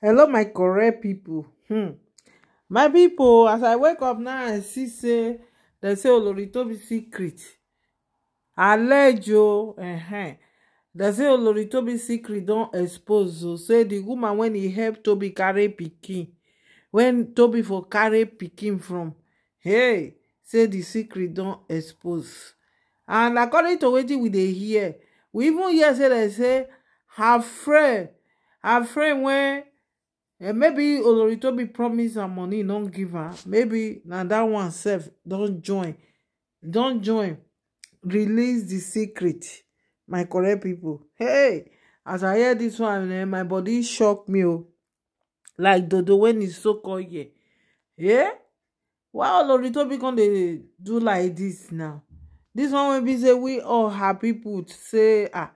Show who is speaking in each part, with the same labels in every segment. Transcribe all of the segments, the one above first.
Speaker 1: hello my correct people. hmm my people, as i wake up now i see say they say oloritobi secret alejo ehn They say oloritobi secret don't expose o say di woman when he help Toby carry pikin when Toby for carry pikin from hey say the secret don't expose and according to what we dey hear we even hear say they say her friend her friend wey Eh, maybe oloritobi promise her money don't give her maybe now that one sef don't join don't join release the secret my correct people. hey as i hear this one eh, my body shocked me o oh. like the wen e so call here yeah why oloritobi come dey do like this now This one will be say we all happy put say ah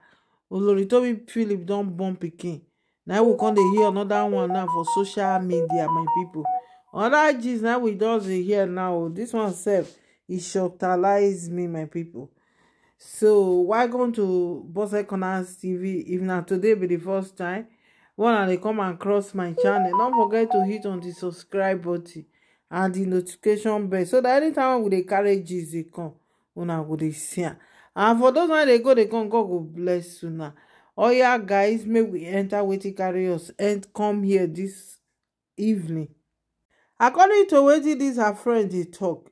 Speaker 1: oloritobi philip don't bump again now we come to hear another one now for social media my people. another Jesus. now we don hear now This one sef e shortalize me my people. so why welcome to bose corners tv if not today be the first time one they come and cross my channel don't forget to hit on the subscribe button and the notification bell so that anytime we the carry gist dey come una go dey see and for those wey they go they come god go bless now oya oh, guys May we enter wetin carry and come here this evening according to wetin dis her friend dey tok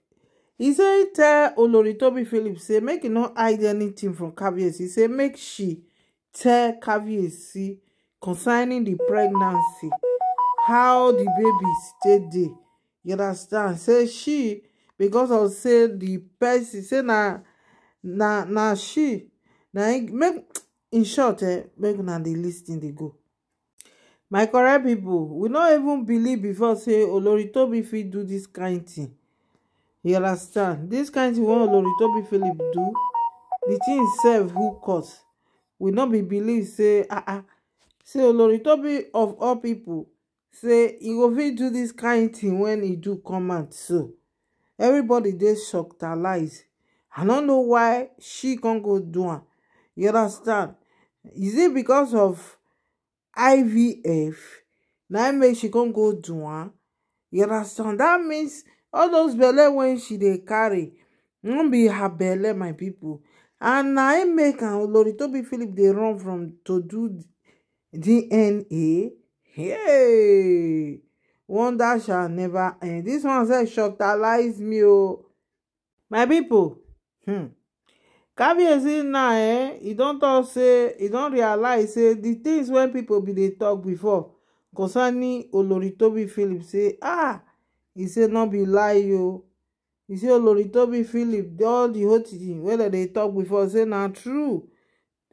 Speaker 1: e say tell oloritobi Phillips say make e no hide anything from He say make she tell caviarcy concerning the pregnancy how the baby stayed there? you understand say she because of say the person say na na she na make in short eh make una dey lis ten dey go my correct pipo we no even believe before say olori tobi fit do dis kain tin you understand dis kain tin wey olori philip do di tin sef who cause we no be believe say ah ah say olori of all pipo say e go fit do dis kain tin wen e do come out so everybody dey shocked i no know why she con go do am you understand is it because of ivf na im make she come go do am you understand That means all those belle wey she dey carry no be her belle my people. and na im make am oloritobi philip dey run from to do dna hey wonder shall never end This one sef shortalize me o oh. my people. hmm kabiyesi now eh e don talk say e don realize say the things when people be they talk before concerning oloritobi philip say ah He say not be lie o He say oloritobi philip all the whole thing whether they talk before say na true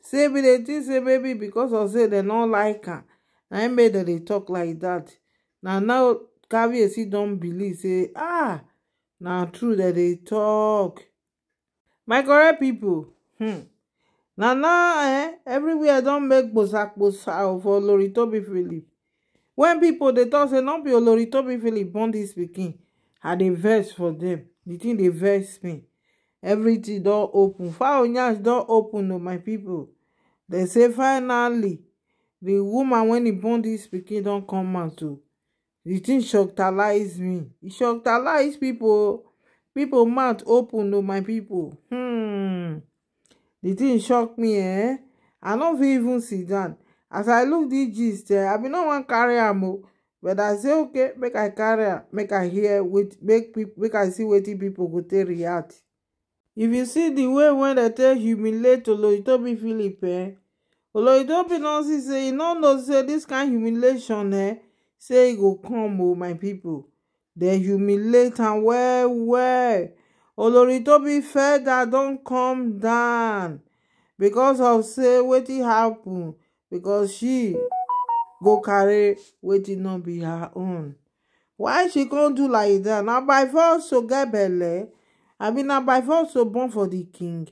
Speaker 1: say be dey think say maybe because of say they no like her. na im make that they talk like that. Now now kabiyesi don't believe say ah Now true that they talk my correct people, hmm na now eh everywhere don make gbosakposa for oloritobi philip When people dey talk, say no be oloritobi philip born dis pikin i dey vex for them. di tin dey vex me everything don open fowl nyash don open to oh, my people. dem say finally the woman wen e born dis pikin don come out o oh. di tin shocktalize me e people. pipo oh. People mouth open o my people. hmm di tin shock me eh i no even sit down as i look dis gist eh i be no wan carry am oh. but i say okay make i carry make i hear make i see wetin people go take react if you see the way when they tell humiliate oloritobi philip eh oloritobi don see say e no know say This kind humiliation eh say e go come oh my people. They humiliate and well well oloritobi feda don't come down because of say wetin happen because she go carry wetin not be her own why she can't do like that? na by force to get belle i mean na by force to born for the king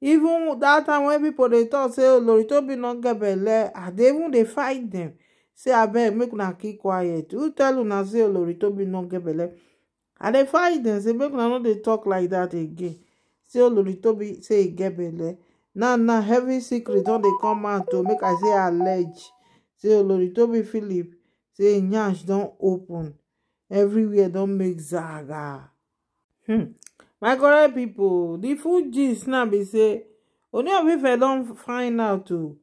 Speaker 1: even that time when people dey tok say oloritobi not get belle i ah, dey even dey fight them say abeg make una keep quiet who tell una say oloritobi no get belle i dey fight dem say make una no dey talk like that again say oloritobi say e get belle now now heavy secret don dey come out to make i say allege say oloritobi philip say im e yansh don open everywhere don make zaga hmm my correct pipo di full gist now be say oni of ife don find out o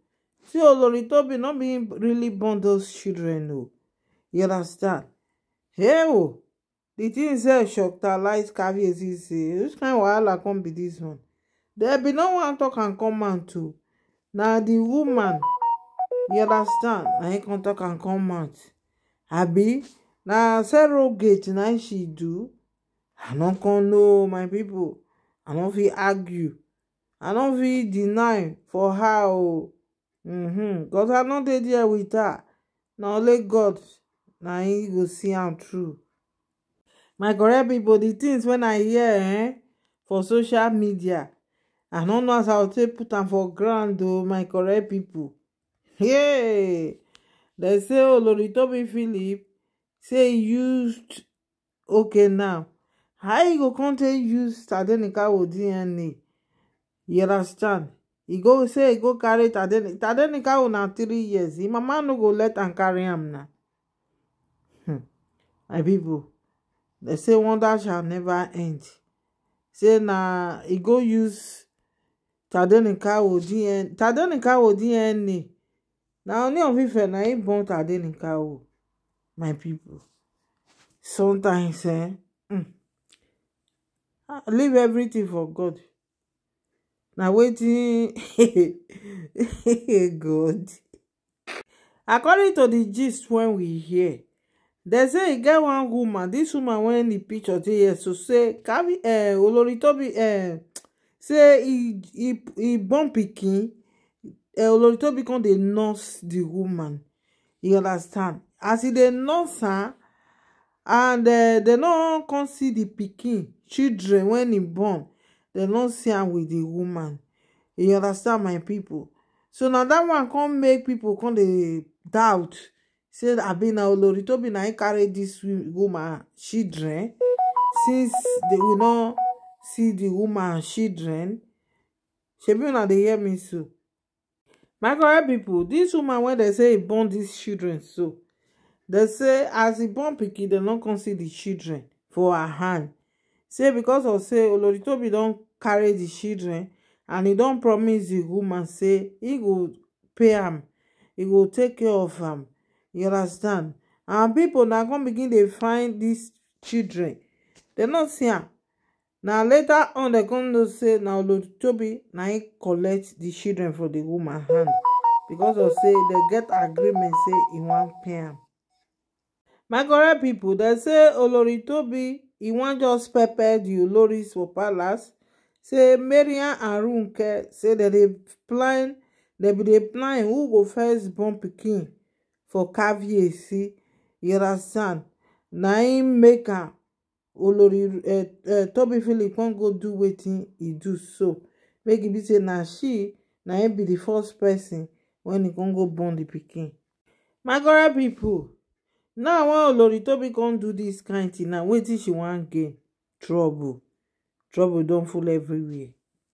Speaker 1: See, Olori Tobi, not be really born those children, oh. You understand? Hey, oh. The thing say eh, Shokta light Kabiyesi say, which kind of wahala come be this one? There be no one talk and come out too. Na the woman, you understand? Na him come talk and come out. now na surrogate Now she do. I no come know my people. I don't feel argue. I don't feel deny for how. oh. God, mm-hmm. i not dey there wit her na only god now he go see am true. my correct people di things when i hear eh, for social media i don't know how to put them for ground though my correct people. yeah they say oh oloritobi philip say used okay now how you go come used use sardenika dna you understand e go say e go carry tadenika tadenika una three years him mama no go let am carry am na hmm my pipo dem say wonder shall never end say na e go use tadenika dna tadenika dna na only of ife na im born tadenika o my pipo sometimes eh mm, leave everything for god na wetin Good. according to the gist wey we hear dem say e get one woman dis woman wey di picture dey here so say eh, oloritobi eh, say e, e, e born pikin eh, oloritobi come dey nurse di woman you understand as e dey nurse am and dem no come see di pikin children wen e born dem no see am with the woman you understand my people. so na that one come make pipo come dey doubt say abi na oloritobi na im carry dis woman children since they we no see the woman children shebi una dey hear me so my correct people, dis woman wey dem say e born these children so dem say as he born pikin dem no come see the children for her hand say because of say oloritobi don carry the children and he don promise the woman say he go pay am he go take care of am you understand and people na come begin dey find these children dem no see am na later on dem come know say na oloritobi na im collect the children from the woman hand because of say dem get agreement say he wan pay am my correct people dem say oloritobi He wan just pepper you oloris for palace say Marian and runke say dem dey plan dem bin dey plan who go first born pikin for See, you understand na im make am olori eh, eh, tobi philip come go do wetin he do so make e be say na she na im be the first person when he come go born the pikin my correct pipo now wen oloritobi come do dis kain tin na wetin she wan gain trouble trouble don full everywhere